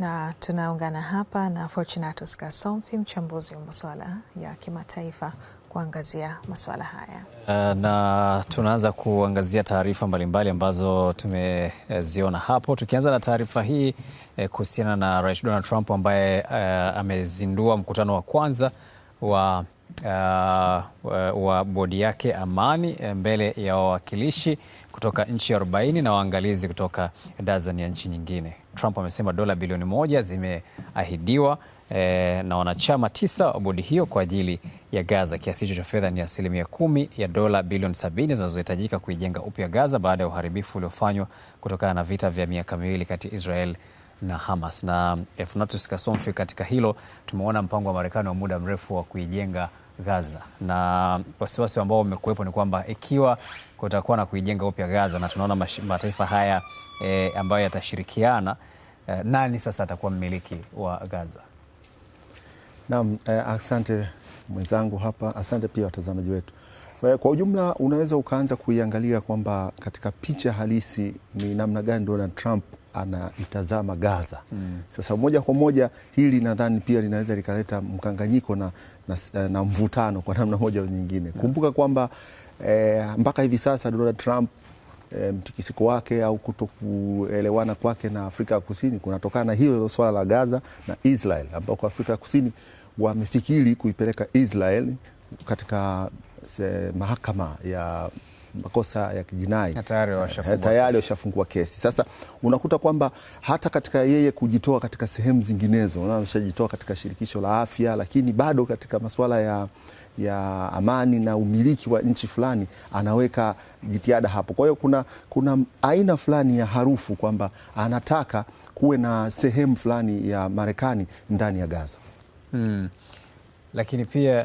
na tunaungana hapa na Fortunatus Kasomfi, mchambuzi wa masuala ya kimataifa kuangazia masuala haya uh, na tunaanza kuangazia taarifa mbalimbali ambazo tumeziona hapo, tukianza na taarifa hii eh, kuhusiana na Rais Donald Trump ambaye eh, amezindua mkutano wa kwanza wa uh, wa bodi yake Amani eh, mbele ya wawakilishi kutoka nchi 40 na waangalizi kutoka dazani ya nchi nyingine. Trump amesema dola bilioni moja zimeahidiwa eh, na wanachama tisa wa bodi hiyo kwa ajili ya Gaza. Kiasi hicho cha fedha ni asilimia kumi ya dola bilioni sabini zinazohitajika kuijenga upya Gaza baada ya uharibifu uliofanywa kutokana na vita vya miaka miwili kati ya Israel na Hamas. Na Efnatus eh, Kasomfi, katika hilo tumeona mpango wa Marekani wa muda mrefu wa kuijenga Gaza na wasiwasi ambao umekuwepo ni kwamba ikiwa kutakuwa na kuijenga upya Gaza na tunaona mataifa haya e, ambayo yatashirikiana e, nani sasa atakuwa mmiliki wa Gaza? Naam, eh, asante mwenzangu hapa, asante pia watazamaji wetu. Kwa ujumla, unaweza ukaanza kuiangalia kwamba katika picha halisi ni namna gani Donald Trump anaitazama Gaza mm. Sasa moja kwa moja hili nadhani pia linaweza likaleta mkanganyiko na, na, na mvutano kwa namna moja au nyingine. Hmm. Kumbuka kwamba eh, mpaka hivi sasa Donald Trump eh, mtikisiko wake au kuto kuelewana kwake na Afrika ya Kusini kunatokana na hilo swala la Gaza na Israel, ambako Afrika ya Kusini wamefikiri kuipeleka Israel katika se, eh, mahakama ya makosa ya kijinai tayari eh, washafungua kesi. Sasa unakuta kwamba hata katika yeye kujitoa katika sehemu zinginezo, ameshajitoa katika shirikisho la afya, lakini bado katika masuala ya, ya amani na umiliki wa nchi fulani anaweka jitihada hapo. Kwa hiyo kuna, kuna aina fulani ya harufu kwamba anataka kuwe na sehemu fulani ya Marekani ndani ya Gaza. Hmm. Lakini pia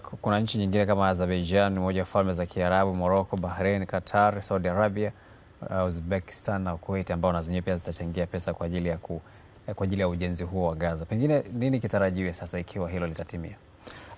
uh, kuna nchi nyingine kama Azerbaijan, moja wa falme za Kiarabu, Morocco, Bahrain, Qatar, Saudi Arabia, eh, Uzbekistan na Kuwait, ambao na zenyewe pia zitachangia pesa kwa ajili ya ku, eh, kwa ajili ya ujenzi huo wa Gaza. Pengine nini kitarajiwe sasa ikiwa hilo litatimia?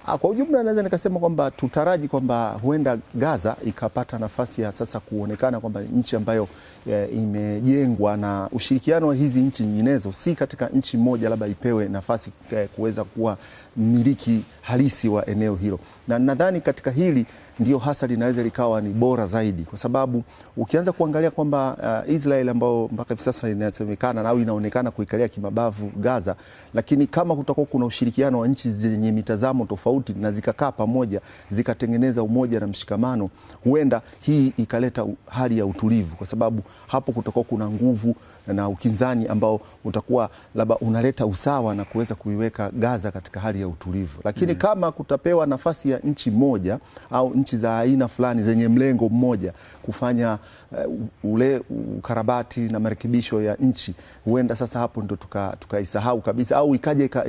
Ah, kwa ujumla naweza nikasema kwamba tutaraji kwamba huenda Gaza ikapata nafasi ya sasa kuonekana kwamba nchi ambayo e, imejengwa na ushirikiano wa hizi nchi nyinginezo, si katika nchi moja labda ipewe nafasi e, kuweza kuwa mmiliki halisi wa eneo hilo, na nadhani katika hili ndio hasa linaweza likawa ni bora zaidi, kwa sababu ukianza kuangalia kwamba uh, Israel ambayo mpaka hivi sasa inasemekana au inaonekana kuikalia kimabavu Gaza, lakini kama kutakuwa kuna ushirikiano wa nchi zenye mitazamo tofauti tofauti na zikakaa pamoja zikatengeneza umoja na mshikamano, huenda hii ikaleta hali ya utulivu, kwa sababu hapo kutakuwa kuna nguvu na ukinzani ambao utakuwa labda unaleta usawa na kuweza kuiweka Gaza katika hali ya utulivu. Lakini mm. kama kutapewa nafasi ya nchi moja au nchi za aina fulani zenye mlengo mmoja kufanya uh, ule ukarabati na marekebisho ya nchi, huenda sasa hapo ndo tukaisahau tuka kabisa au ikaja ikaleta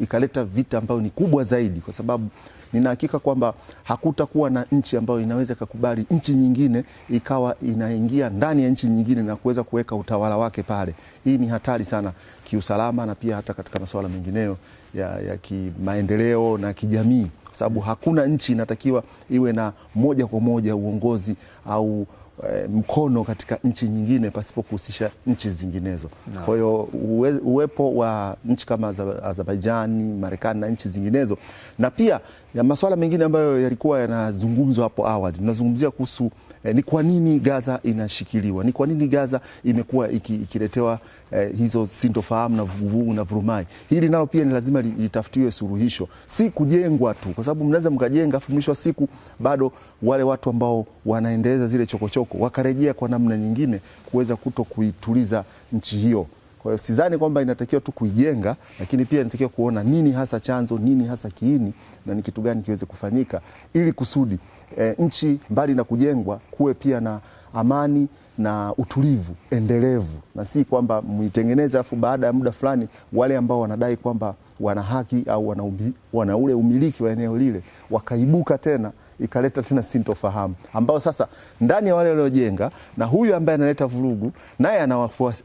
ika, ika vita ambayo ni kubwa zaidi kwa sababu ninahakika kwamba hakutakuwa na nchi ambayo inaweza ikakubali nchi nyingine ikawa inaingia ndani ya nchi nyingine na kuweza kuweka utawala wake pale. Hii ni hatari sana kiusalama na pia hata katika masuala mengineo ya, ya kimaendeleo na kijamii, kwa sababu hakuna nchi inatakiwa iwe na moja kwa moja uongozi au e, mkono katika nchi nyingine pasipo kuhusisha nchi zinginezo. Kwa hiyo uwe, uwepo wa nchi kama Azerbaijani, Marekani na nchi zinginezo, na pia ya masuala mengine ambayo yalikuwa yanazungumzwa hapo awali, tunazungumzia kuhusu eh, ni kwa nini Gaza inashikiliwa, ni kwa nini Gaza imekuwa ikiletewa iki eh, hizo sintofa sintofahamu na vuguvugu na vurumai. Hili nalo pia ni lazima litafutiwe suluhisho, si kujengwa tu, kwa sababu mnaweza mkajenga afu mwisho wa siku bado wale watu ambao wanaendeleza zile chokochoko wakarejea kwa namna nyingine kuweza kuto kuituliza nchi hiyo. Kwa hiyo sidhani kwamba inatakiwa tu kuijenga, lakini pia inatakiwa kuona nini hasa chanzo, nini hasa kiini, na ni kitu gani kiweze kufanyika ili kusudi e, nchi mbali na kujengwa kuwe pia na amani na utulivu endelevu, na si kwamba mwitengeneze alafu baada ya muda fulani wale ambao wanadai kwamba wana haki au wana, ubi, wana ule umiliki wa eneo lile wakaibuka tena ikaleta tena sintofahamu ambao sasa ndani ya wale waliojenga na huyu ambaye analeta vurugu naye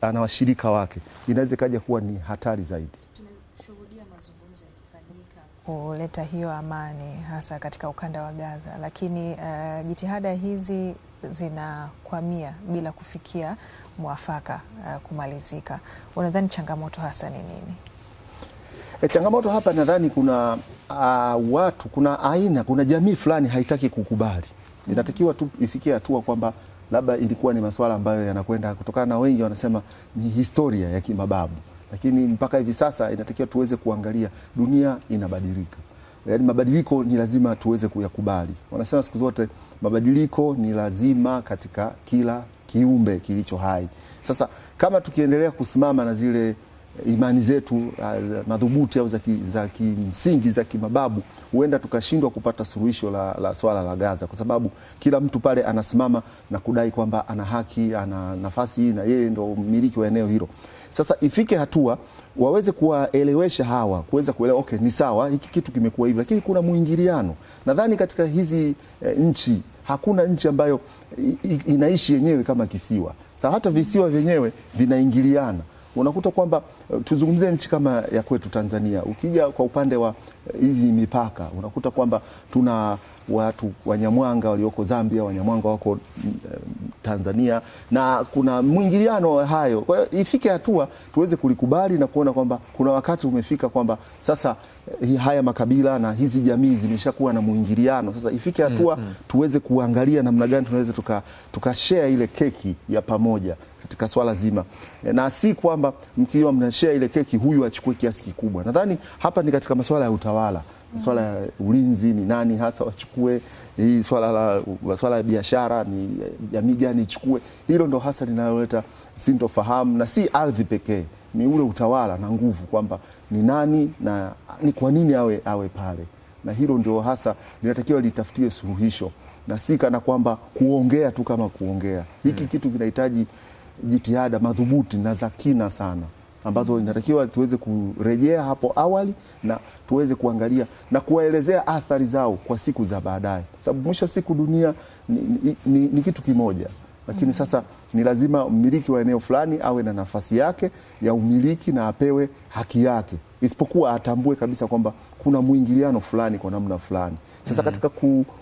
ana washirika wake, inaweza ikaja kuwa ni hatari zaidi mazungumzo yakifanyika kuleta hiyo amani hasa katika ukanda wa Gaza, lakini uh, jitihada hizi zinakwamia bila kufikia mwafaka uh, kumalizika. Unadhani changamoto hasa ni nini? E, changamoto hapa nadhani kuna uh, watu kuna aina kuna jamii fulani haitaki kukubali. Inatakiwa tu ifikie hatua kwamba labda ilikuwa ni masuala ambayo yanakwenda kutokana na wengi wanasema ni historia ya kimababu lakini mpaka hivi sasa inatakiwa tuweze kuangalia dunia inabadilika. Yaani mabadiliko ni lazima tuweze kuyakubali. Wanasema siku zote mabadiliko ni lazima katika kila kiumbe kilicho hai. Sasa kama tukiendelea kusimama na zile eh, imani zetu uh, madhubuti au za kimsingi za kimababu, huenda tukashindwa kupata suluhisho la, la swala la Gaza, kwa sababu kila mtu pale anasimama na kudai kwamba ana haki, ana nafasi na yeye ndo mmiliki wa eneo hilo. Sasa ifike hatua waweze kuwaelewesha hawa kuweza kuelewa, okay, ni sawa, hiki kitu kimekuwa hivi, lakini kuna mwingiliano. Nadhani katika hizi e, nchi hakuna nchi ambayo i, i, inaishi yenyewe kama kisiwa. Sasa hata visiwa vyenyewe vinaingiliana unakuta kwamba eh, tuzungumzie nchi kama ya kwetu Tanzania, ukija kwa upande wa eh, hizi mipaka unakuta kwamba tuna watu Wanyamwanga walioko Zambia, Wanyamwanga wako eh, Tanzania, na kuna mwingiliano hayo. Kwa hiyo ifike hatua tuweze kulikubali na kuona kwamba kuna wakati umefika kwamba sasa haya makabila na hizi jamii zimeshakuwa na mwingiliano. Sasa ifike mm, hatua mm mm. tuweze kuangalia namna gani tunaweza tuka, tuka ile keki ya pamoja katika swala zima, e, na si kwamba mkiwa mnashare ile keki huyu achukue kiasi kikubwa. Nadhani hapa ni katika masuala ya utawala swala ya ulinzi ni nani hasa wachukue, hii swala la swala ya biashara ni jamii gani ichukue. Hilo ndo hasa linaloleta sintofahamu na si ardhi pekee ni ule utawala na nguvu, kwamba ni nani na ni kwa nini awe, awe pale, na hilo ndio hasa linatakiwa litafutiwe suluhisho na si kana kwamba kuongea tu kama kuongea. Hiki hmm, kitu kinahitaji jitihada madhubuti na za kina sana ambazo inatakiwa tuweze kurejea hapo awali na tuweze kuangalia na kuwaelezea athari zao kwa siku za baadaye, sababu mwisho wa siku dunia ni, ni, ni, ni kitu kimoja lakini sasa ni lazima mmiliki wa eneo fulani awe na nafasi yake ya umiliki na apewe haki yake, isipokuwa atambue kabisa kwamba kuna mwingiliano fulani kwa namna fulani. Sasa mhm. katika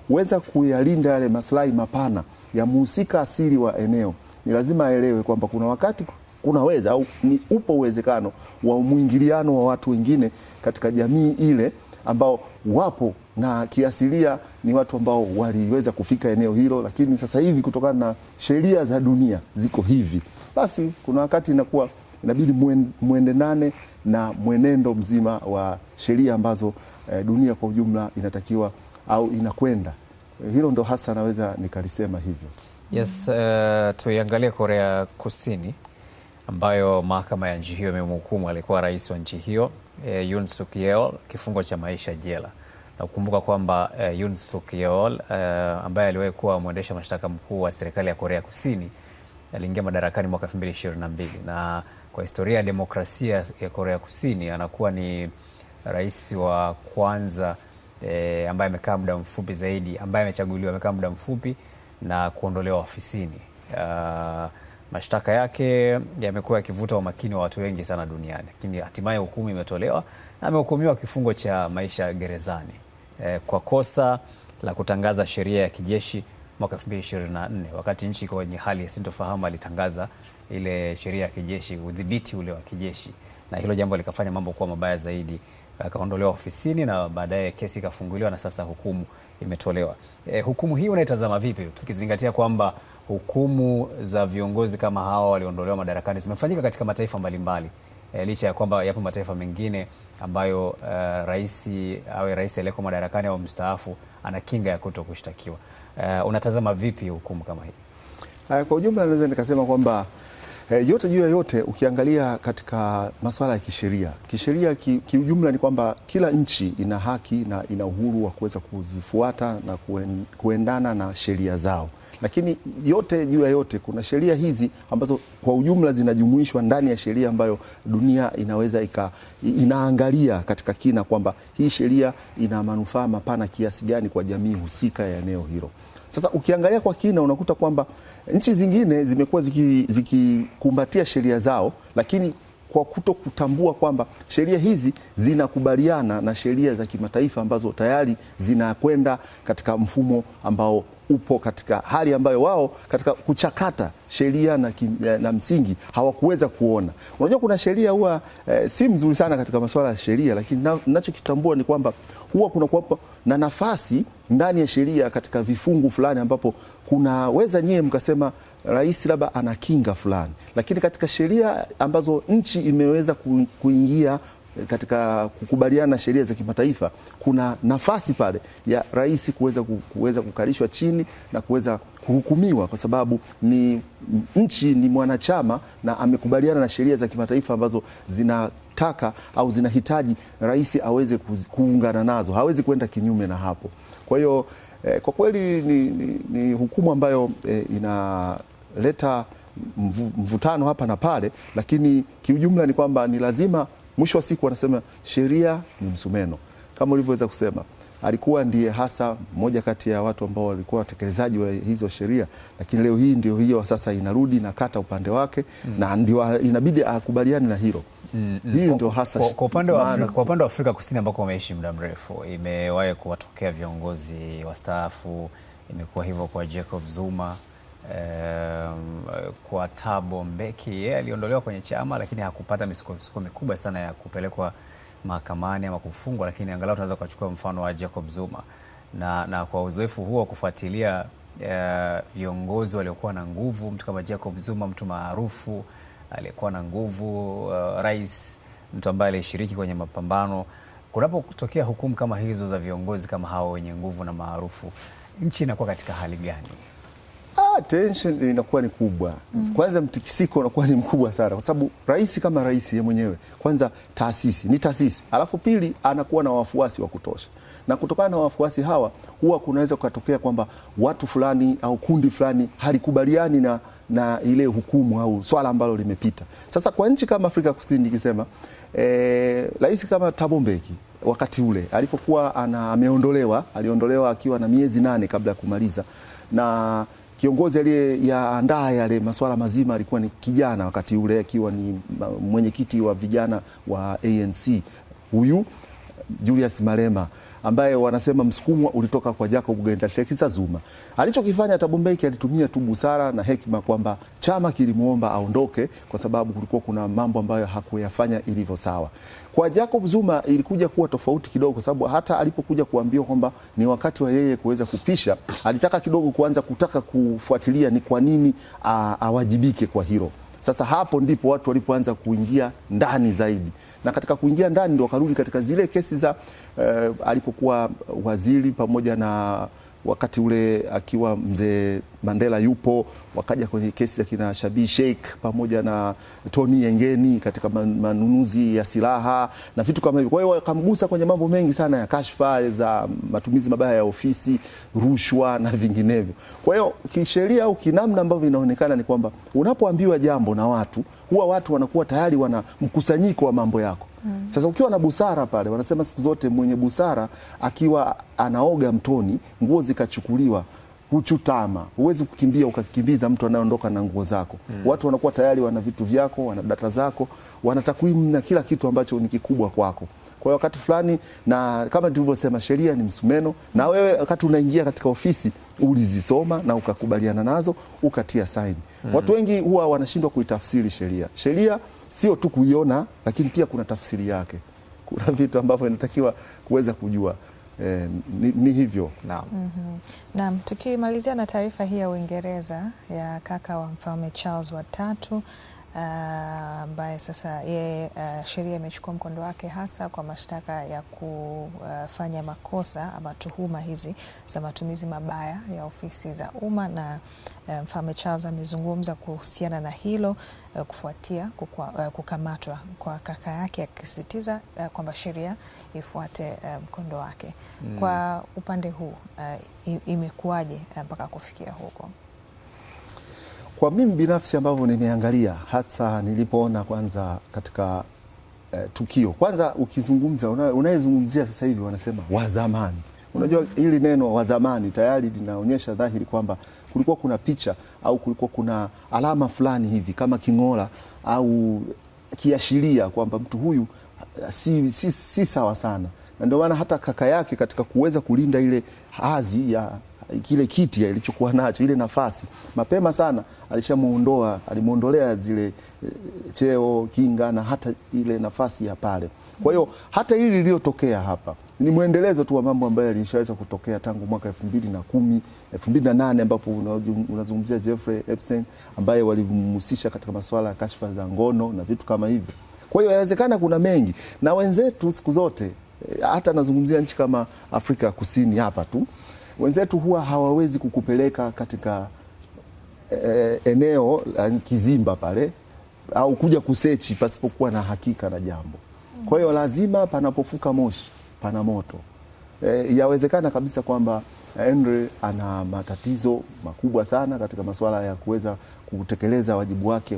kuweza kuyalinda yale maslahi mapana ya mhusika asili wa eneo, ni lazima aelewe kwamba kuna wakati kunaweza au ni upo uwezekano wa mwingiliano wa watu wengine katika jamii ile ambao wapo na kiasilia ni watu ambao waliweza kufika eneo hilo, lakini sasa hivi kutokana na sheria za dunia ziko hivi, basi kuna wakati inakuwa inabidi muendenane na mwenendo mzima wa sheria ambazo eh, dunia kwa ujumla inatakiwa au inakwenda. Eh, hilo ndo hasa naweza nikalisema hivyo. Yes, uh, tuiangalie Korea Kusini ambayo mahakama ya nchi hiyo imemhukumu alikuwa rais wa nchi hiyo eh, Yoon Suk Yeol kifungo cha maisha jela. Na kukumbuka kwamba eh, Yoon Suk Yeol eh, ambaye aliwahi kuwa mwendesha mashtaka mkuu wa serikali ya Korea Kusini aliingia madarakani mwaka 2022 na kwa historia ya demokrasia ya Korea Kusini anakuwa ni rais wa kwanza E, ambaye amekaa muda mfupi zaidi ambaye amechaguliwa amekaa muda mfupi na kuondolewa ofisini. Uh, Mashtaka yake yamekuwa yakivuta umakini wa watu wengi sana duniani, lakini hatimaye hukumu imetolewa. Amehukumiwa kifungo cha maisha gerezani e, kwa kosa la kutangaza sheria ya kijeshi mwaka 2024 wakati nchi iko kwenye hali ya sintofahamu. Alitangaza ile sheria ya kijeshi, udhibiti ule wa kijeshi, na hilo jambo likafanya mambo kuwa mabaya zaidi. Akaondolewa ofisini na baadaye kesi ikafunguliwa na sasa hukumu imetolewa. E, hukumu hii unaitazama vipi, tukizingatia kwamba hukumu za viongozi kama hawa walioondolewa madarakani zimefanyika katika mataifa mbalimbali mbali. Eh, e, licha ya kwamba yapo mataifa mengine ambayo uh, rais awe rais aliyeko madarakani au mstaafu ana kinga ya kuto kushtakiwa. Uh, unatazama vipi hukumu kama hii? Ah, kwa ujumla naweza nikasema kwamba E, yote juu ya yote ukiangalia katika masuala ya kisheria, kisheria kiujumla ki ni kwamba kila nchi ina haki na ina uhuru wa kuweza kuzifuata na kuen, kuendana na sheria zao, lakini yote juu ya yote kuna sheria hizi ambazo kwa ujumla zinajumuishwa ndani ya sheria ambayo dunia inaweza ika, inaangalia katika kina kwamba hii sheria ina manufaa mapana kiasi gani kwa jamii husika ya eneo hilo. Sasa ukiangalia kwa kina unakuta kwamba nchi zingine zimekuwa zikikumbatia ziki sheria zao, lakini kwa kuto kutambua kwamba sheria hizi zinakubaliana na sheria za kimataifa ambazo tayari zinakwenda katika mfumo ambao upo katika hali ambayo wao katika kuchakata sheria na, kim, eh, na msingi hawakuweza kuona. Unajua kuna sheria huwa e, si mzuri sana katika masuala ya sheria, lakini ninachokitambua ni kwamba huwa kuna kuwapo na nafasi ndani ya sheria katika vifungu fulani ambapo kunaweza nyie mkasema rais labda ana kinga fulani, lakini katika sheria ambazo nchi imeweza kuingia katika kukubaliana na sheria za kimataifa, kuna nafasi pale ya rais kuweza kuweza kukalishwa chini na kuweza kuhukumiwa, kwa sababu ni nchi ni mwanachama na amekubaliana na sheria za kimataifa ambazo zina taka au zinahitaji rais aweze kuungana nazo, hawezi kwenda kinyume na hapo. Kwa hiyo eh, kwa kweli ni, ni, ni hukumu ambayo eh, inaleta mvutano hapa na pale, lakini kiujumla ni kwamba ni lazima Mwisho wa siku wanasema sheria ni msumeno. Kama ulivyoweza kusema, alikuwa ndiye hasa mmoja kati ya watu ambao walikuwa watekelezaji wa hizo sheria, lakini leo hii ndio hiyo sasa inarudi na kata upande wake mm. na ndio inabidi akubaliane na hilo mm, mm. Hii ndio hasa kwa upande wa Afrika Kusini ambako wameishi muda mrefu, imewahi kuwatokea viongozi wastaafu, imekuwa hivyo kwa Jacob Zuma Um, kwa Thabo Mbeki yeye yeah, aliondolewa kwenye chama lakini hakupata misukosuko mikubwa sana ya kupelekwa mahakamani ama kufungwa, lakini angalau tunaweza kuchukua mfano wa Jacob Zuma na, na kwa uzoefu huo wa kufuatilia uh, viongozi waliokuwa na nguvu, mtu kama Jacob Zuma, mtu maarufu aliyekuwa na nguvu uh, rais, mtu ambaye alishiriki kwenye mapambano, kunapotokea hukumu kama hizo za viongozi kama hao wenye nguvu na maarufu, nchi inakuwa katika hali gani? ah, tension inakuwa ni kubwa mm. Kwanza mtikisiko unakuwa ni mkubwa sana, kwa sababu rais kama rais yeye mwenyewe kwanza taasisi ni taasisi, alafu pili anakuwa na wafuasi wa kutosha, na kutokana na wafuasi hawa huwa kunaweza kutokea kwamba watu fulani au kundi fulani halikubaliani na, na ile hukumu au swala ambalo limepita. Sasa kwa nchi kama Afrika Kusini nikisema eh, rais kama Thabo Mbeki wakati ule alipokuwa ana ameondolewa aliondolewa akiwa na miezi nane kabla ya kumaliza na Kiongozi aliyeyaandaa yale masuala mazima alikuwa ni kijana, wakati ule akiwa ni uh, mwenyekiti wa vijana wa ANC, huyu Julius Malema ambaye wanasema msukumo ulitoka kwa Jacob Ngendatekisa Zuma. Alichokifanya Tabombeki alitumia tu busara na hekima kwamba chama kilimwomba aondoke kwa sababu kulikuwa kuna mambo ambayo hakuyafanya ilivyo sawa. Kwa Jacob Zuma ilikuja kuwa tofauti kidogo, kwa sababu hata alipokuja kuambiwa kwamba ni wakati wa yeye kuweza kupisha, alitaka kidogo kuanza kutaka kufuatilia ni kwa nini awajibike kwa hilo. Sasa hapo ndipo watu walipoanza kuingia ndani zaidi, na katika kuingia ndani ndio wakarudi katika zile kesi za uh, alipokuwa waziri pamoja na wakati ule akiwa mzee Mandela yupo, wakaja kwenye kesi ya kina Shabii Sheikh pamoja na Tony Yengeni katika manunuzi ya silaha na vitu kama hivyo. Kwa hiyo wakamgusa kwenye mambo mengi sana ya kashfa za matumizi mabaya ya ofisi, rushwa na vinginevyo. Kwa hiyo kisheria au kinamna ambavyo inaonekana ni kwamba unapoambiwa jambo na watu, huwa watu wanakuwa tayari wana mkusanyiko wa mambo yako Mm. Sasa ukiwa na busara pale, wanasema siku zote mwenye busara akiwa anaoga mtoni nguo zikachukuliwa huchutama. Huwezi kukimbia ukakimbiza mtu anayeondoka na nguo zako. Mm. Watu wanakuwa tayari wana vitu vyako, wana data zako, wana takwimu na kila kitu ambacho ni kikubwa kwako. Kwa hiyo wakati fulani, na kama tulivyosema, sheria ni msumeno, na wewe wakati unaingia katika ofisi ulizisoma na ukakubaliana nazo ukatia saini. Mm. Watu wengi huwa wanashindwa kuitafsiri sheria sheria sio tu kuiona, lakini pia kuna tafsiri yake, kuna vitu ambavyo inatakiwa kuweza kujua. E, ni, ni hivyo naam. mm -hmm. Naam, tukimalizia na taarifa hii ya Uingereza ya kaka wa mfalme Charles wa tatu Ah, ambaye uh, sasa yeye uh, sheria imechukua mkondo wake hasa kwa mashtaka ya kufanya ah, makosa ama tuhuma hizi za matumizi mabaya ya ofisi za umma, na eh, Mfalme Charles amezungumza kuhusiana na hilo uh, kufuatia kukua, uh, kukamatwa kwa kaka yake akisisitiza uh, kwamba sheria ifuate mkondo um, wake mm. Kwa upande huu uh, imekuwaje mpaka kufikia huko? Kwa mimi binafsi ambavyo nimeangalia hasa nilipoona kwanza katika eh, tukio kwanza, ukizungumza unayezungumzia sasa hivi wanasema wazamani. Unajua hili neno wazamani tayari linaonyesha dhahiri kwamba kulikuwa kuna picha au kulikuwa kuna alama fulani hivi kama king'ola au kiashiria kwamba mtu huyu eh, si, si, si sawa sana, na ndio maana hata kaka yake katika kuweza kulinda ile hadhi ya kile kiti alichokuwa nacho, ile nafasi mapema sana alishamuondoa, alimuondolea zile eh, cheo, kinga na hata ile nafasi ya pale. Kwa hiyo hata hili liliyotokea hapa ni mwendelezo tu wa mambo ambayo yalishaweza kutokea tangu mwaka elfu mbili na kumi elfu mbili na nane ambapo unazungumzia Jeffrey Epstein ambaye walimhusisha katika masuala ya kashfa za ngono na vitu kama hivyo. Kwa hiyo inawezekana kuna mengi na wenzetu siku zote eh, hata nazungumzia nchi kama Afrika ya Kusini hapa tu wenzetu huwa hawawezi kukupeleka katika e, eneo la kizimba pale au kuja kusechi pasipokuwa na hakika na jambo. Kwa hiyo lazima panapofuka moshi pana moto. E, yawezekana kabisa kwamba Andre ana matatizo makubwa sana katika masuala ya kuweza kutekeleza wajibu wake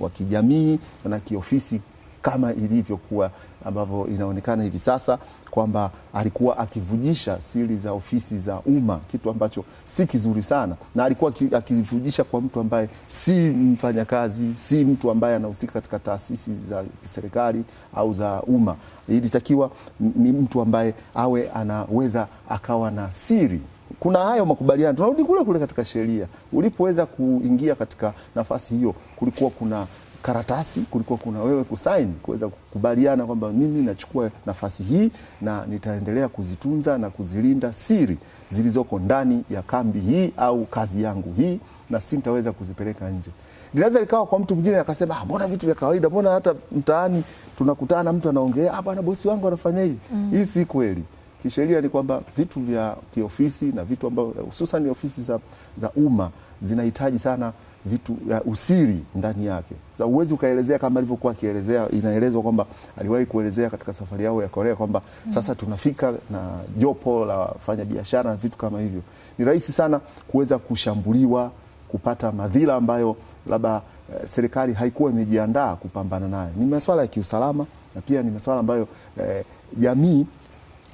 wa kijamii na kiofisi kama ilivyokuwa ambavyo inaonekana hivi sasa kwamba alikuwa akivujisha siri za ofisi za umma, kitu ambacho si kizuri sana, na alikuwa akivujisha kwa mtu ambaye si mfanyakazi, si mtu ambaye anahusika katika taasisi za serikali au za umma. Ilitakiwa ni mtu ambaye awe anaweza akawa na siri kuna hayo makubaliano, tunarudi kule kule katika sheria. Ulipoweza kuingia katika nafasi hiyo, kulikuwa kuna karatasi, kulikuwa kuna wewe kusaini kuweza kukubaliana kwamba mimi nachukua nafasi hii na nitaendelea kuzitunza na kuzilinda siri zilizoko ndani ya kambi hii au kazi yangu hii, na si nitaweza kuzipeleka nje. Linaweza likawa kwa mtu mwingine akasema, ah, mbona vitu vya kawaida, mbona hata mtaani tunakutana mtu anaongea, ah, bwana bosi wangu anafanya hii Mm. Hii si kweli. Kisheria ni kwamba vitu vya kiofisi na vitu ambavyo hususan ofisi za, za umma zinahitaji sana vitu ya usiri ndani yake. Sasa uwezi ukaelezea kama alivyokuwa akielezea, inaelezwa kwamba aliwahi kuelezea katika safari yao ya Korea kwamba mm. sasa tunafika na jopo la wafanya biashara na vitu kama hivyo, ni rahisi sana kuweza kushambuliwa, kupata madhila ambayo labda eh, serikali haikuwa imejiandaa kupambana nayo. Ni masuala ya kiusalama na pia ni masuala ambayo eh, jamii eh,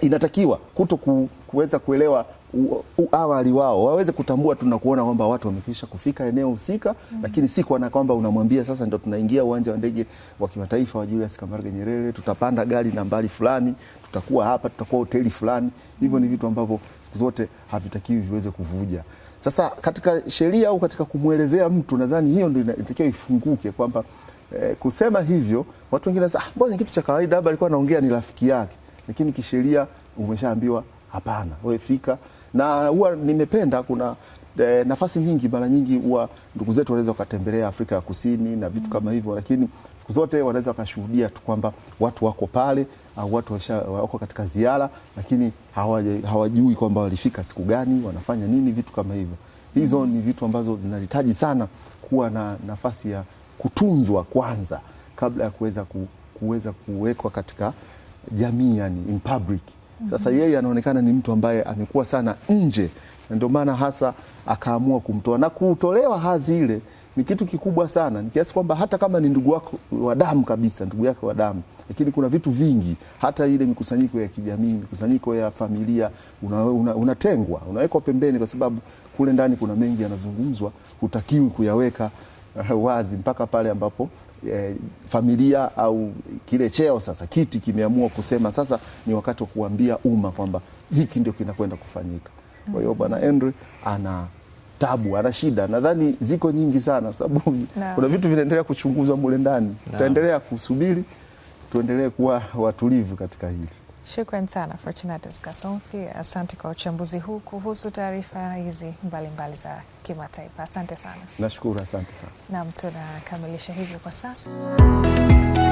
inatakiwa kuto ku, kuweza kuelewa u, awali wao waweze kutambua tu na kuona kwamba watu wamekisha kufika eneo husika mm -hmm. Lakini si kuona kwamba unamwambia sasa ndo tunaingia uwanja wa ndege wa kimataifa wa Julius Kambarage Nyerere, tutapanda gari nambari fulani, tutakuwa hapa, tutakuwa hoteli fulani hivyo. -hmm. Ni vitu ambavyo siku zote havitakiwi viweze kuvuja. Sasa katika sheria au katika kumwelezea mtu, nadhani hiyo ndio inatakiwa ifunguke kwamba eh, kusema hivyo watu wengine, ah, mbona ni kitu cha kawaida, labda alikuwa anaongea ni rafiki yake, lakini kisheria umeshaambiwa Hapana, wewe fika. Na huwa nimependa kuna de, eh, nafasi nyingi, mara nyingi huwa ndugu zetu wanaweza wakatembelea Afrika ya Kusini na vitu mm. kama hivyo, lakini siku zote wanaweza wakashuhudia tu kwamba watu wako pale au watu wako katika ziara, lakini hawajui, hawa kwamba walifika siku gani, wanafanya nini, vitu kama hivyo. Hizo mm. ni vitu ambazo zinahitaji sana kuwa na nafasi ya kutunzwa kwanza kabla ya kuweza kuweza kuwekwa katika jamii, yani in public. Sasa yeye anaonekana ni mtu ambaye amekuwa sana nje, na ndio maana hasa akaamua kumtoa na kutolewa hadhi ile ni kitu kikubwa sana, ni kiasi kwamba hata kama ni ndugu wako wa damu kabisa, ndugu yake wa damu, lakini kuna vitu vingi, hata ile mikusanyiko ya kijamii, mikusanyiko ya familia, unatengwa, una, una unawekwa pembeni, kwa sababu kule ndani kuna mengi yanazungumzwa, hutakiwi kuyaweka eh, wazi mpaka pale ambapo eh, familia au kile cheo sasa kiti kimeamua kusema sasa ni wakati wa kuambia umma kwamba hiki ndio kinakwenda kufanyika. Kwa hiyo bwana Henry ana tabu, ana shida, nadhani ziko nyingi sana sababu no. kuna vitu vinaendelea kuchunguzwa mule ndani no. tutaendelea kusubiri, tuendelee kuwa watulivu katika hili. Shukran sana Fortunatus Kasomfi, asante kwa uchambuzi huu kuhusu taarifa hizi mbalimbali za kimataifa. Asante sana. Nashukuru, asante sana. Naam, tunakamilisha hivyo kwa sasa.